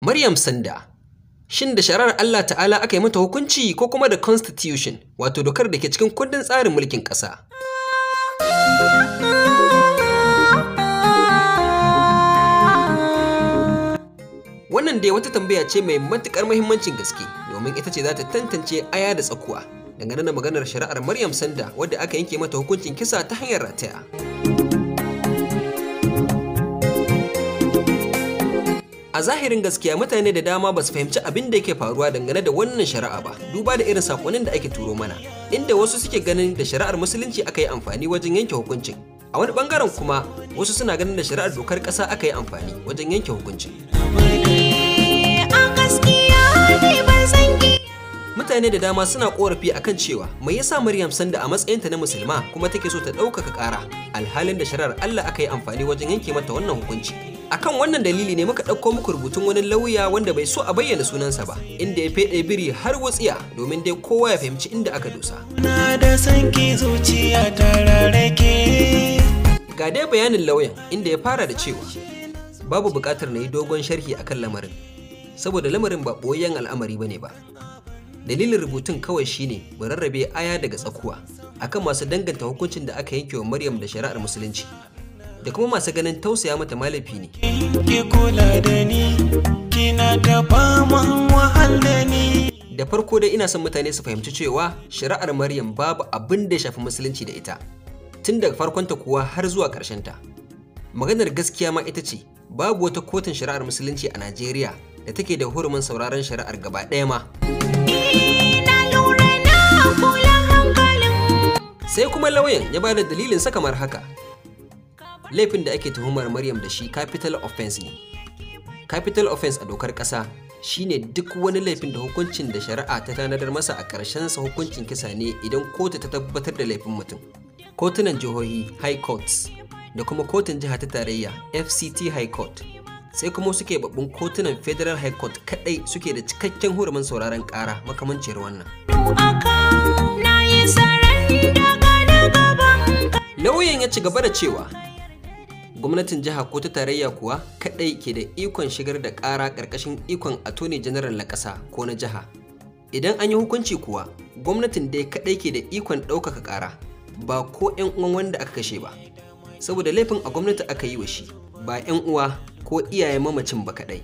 Maryam Sanda Shin da shari'ar Allah Ta'ala aka yi mata hukunci ko kuma da Constitution wato dokar da ke cikin kundin tsarin mulkin ƙasa? Wannan dai wata tambaya ce mai matuƙar muhimmancin gaske domin ita ce za ta tantance aya da tsakuwa dangane da maganar shari'ar Maryam Sanda wadda aka yanke mata hukuncin kisa ta hanyar rataya. a zahirin gaskiya mutane da dama basu fahimci abin da yake faruwa dangane da wannan shari'a ba duba da irin sakonin da ake turo mana inda wasu suke ganin da shari'ar musulunci aka yi amfani wajen yanke hukuncin a wani bangaren kuma wasu suna ganin da shari'ar dokar ƙasa aka yi amfani wajen yanke hukuncin mutane da dama suna korafi kan cewa mai yasa Maryam Sanda a matsayinta na musulma kuma take so ta ɗaukaka ƙara alhalin da shari'ar Allah aka yi amfani wajen yanke mata wannan hukunci akan wannan dalili ne muka ɗauko muku rubutun wani lauya wanda bai so a bayyana sunansa ba inda ya feɗe biri har wutsiya domin dai kowa ya fahimci inda aka dosa ga dai bayanin lauyan inda ya fara da cewa babu buƙatar na yi dogon sharhi akan lamarin saboda lamarin ba ɓoyayyen al'amari ba ne ba dalilin rubutun kawai shine mu rarrabe aya daga tsakuwa akan masu danganta hukuncin da aka yanke wa Maryam da shari'ar musulunci da kuma masu ganin tausaya mata malafi ne. Da farko dai ina son mutane su fahimci cewa shari'ar Maryam babu abin da ya shafi musulunci da ita, tun daga farkonta kuwa har zuwa ta. Maganar gaskiya ma ita ce, babu wata kotun shari'ar musulunci a Najeriya da take da hurumin sauraron shari'ar gaba ɗaya ma. Sai kuma lauyan ya ba da dalilin sa kamar haka. laifin da ake tuhumar maryam da shi capital offense ne capital offense a dokar ƙasa shine duk wani laifin da hukuncin da shari'a ta tanadar masa a sa hukuncin kisa ne idan kotu ta tabbatar da laifin mutum kotunan jihohi high courts da kuma kotun jiha ta tarayya fct high court sai kuma suke babban kotunan federal high court kadai suke da cikakken hurumin sauraron kara makamanciyar wannan lauyan ya ci gaba da cewa gwamnatin jiha ko ta tarayya kuwa kadai ke da ikon shigar da ƙara karkashin ikon attorney Janaral na kasa ko na jiha idan an yi hukunci kuwa gwamnatin dai kadai ke da ikon ɗaukaka kara ba ko 'yan uwan wanda aka kashe ba saboda laifin a gwamnati aka yi wa shi ba 'yan uwa ko iyayen mamacin ba kadai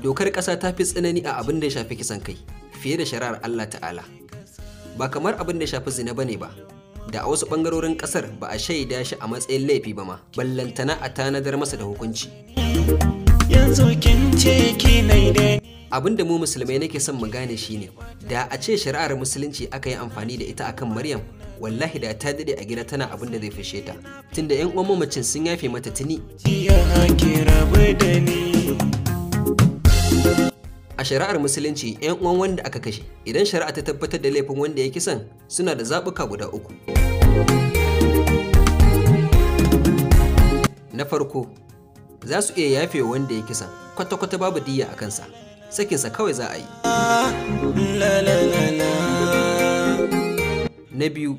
dokar ƙasa ta fi tsanani a abin da ya shafi kisan kai fiye da shari'ar Allah ta'ala ba kamar abin da ya shafi zina bane ba da a wasu ɓangarorin ƙasar ba a shaida shi a matsayin laifi ba ma ballantana a tanadar masa da hukunci abin da mu musulmai nake son mu gane shine da a ce shari'ar musulunci aka yi amfani da ita akan maryam wallahi da ta dade a gida tana abin da zai fashe ta tunda yan uwan mamacin sun yafe mata tuni shari'ar musulunci 'yan uwan wanda aka kashe idan shari'a ta tabbatar da laifin wanda ya kisan suna da zaɓuka guda uku na farko za su iya yafe wanda ya kisan kwata-kwata babu diya a kansa sakinsa kawai za a yi na biyu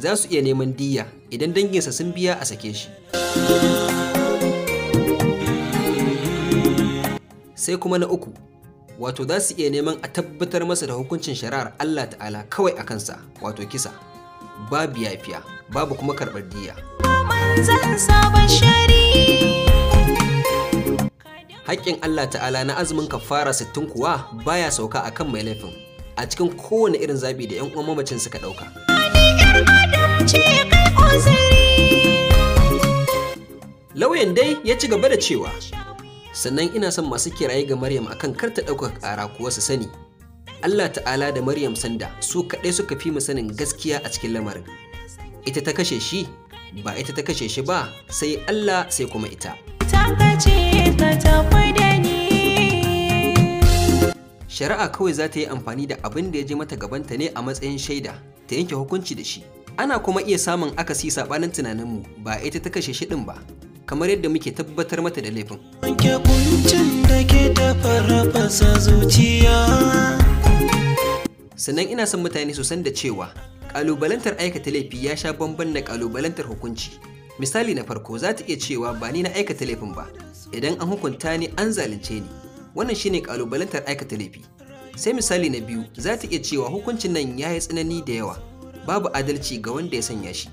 za su iya neman diya idan danginsa sun biya a sake shi sai kuma na uku wato za su iya neman a tabbatar masa da hukuncin shari'ar Allah ta'ala kawai a kansa wato kisa babu yafiya babu kuma karɓar diya haƙƙin Allah ta'ala na azumin kafara sittin kuwa baya sauka a kan mai laifin a cikin kowane irin zaɓi da 'yan uwan mamacin suka ɗauka lauyan dai ya ci gaba da cewa sannan ina son masu kiraye ga Maryam akan kar ta ɗaukaka ƙara kuwa su sani Allah ta'ala da Maryam sanda su kaɗai suka fi mu sanin gaskiya a cikin lamarin ita ta kashe shi ba ita ta kashe shi ba sai Allah sai kuma ita shari'a kawai za ta yi amfani da abin da ya je mata gabanta ne a matsayin shaida ta yanke hukunci da shi ana kuma iya samun akasi saɓanin tunaninmu ba ita ta kashe shi ɗin ba kamar yadda muke tabbatar mata da laifin. Wanke kuncin da ke zuciya. Sannan ina son mutane su san da cewa ƙalubalantar aikata laifi ya sha bamban na ƙalubalantar hukunci. Misali na farko za ta iya cewa ba ni na aikata laifin ba, idan an hukunta ni an zalunce ni. Wannan shine ƙalubalantar aikata laifi. Sai misali na biyu za ta iya cewa hukuncin nan ya yi tsanani da yawa, babu adalci ga wanda ya sanya shi.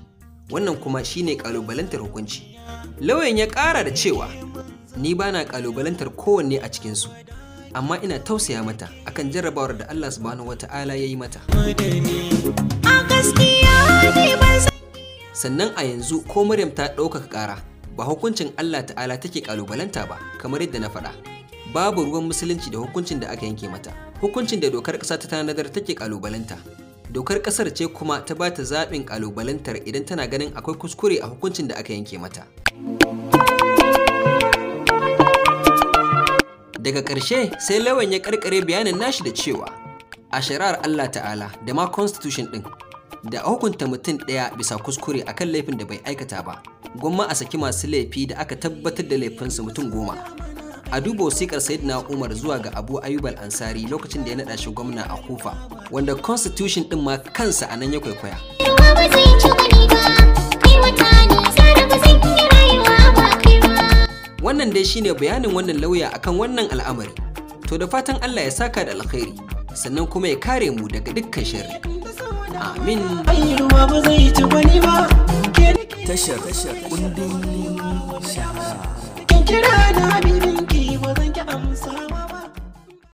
Wannan kuma shine ƙalubalantar hukunci. Lauyan ya ƙara da cewa, Ni ba na ƙalubalantar kowanne a cikinsu, amma ina tausaya mata akan jarrabawar da Allah subhanahu wa ta'ala ya yi mata. Sannan a yanzu ko Maryam ta ɗaukaka ƙara, ba hukuncin Allah ta'ala take ƙalubalanta ba, kamar yadda na faɗa. Babu ruwan musulunci da hukuncin da aka yanke mata, hukuncin da dokar ƙasa ta tanadar take ƙalubalanta. dokar ƙasar ce kuma ta ba ta zaɓin ƙalubalantar idan tana ganin akwai kuskure a hukuncin da aka yanke mata. Daga ƙarshe sai Lawan ya ƙarƙare bayanin nashi da cewa a shari'ar Allah ta'ala da ma constitution ɗin da a hukunta mutum ɗaya bisa kuskure a kan laifin da bai aikata ba gwamma a saki masu laifi da aka tabbatar da laifinsu mutum goma a duba wasiƙar na umar zuwa ga abu ayubal ansari lokacin da ya naɗa shi gwamna a kufa wanda constitution ɗin ma kansa a nan ya kwaikwaya wannan dai shine bayanin wannan lauya akan wannan al'amari to da fatan Allah ya saka da alkhairi sannan kuma ya kare mu daga dukkan sharri amin tashar kundin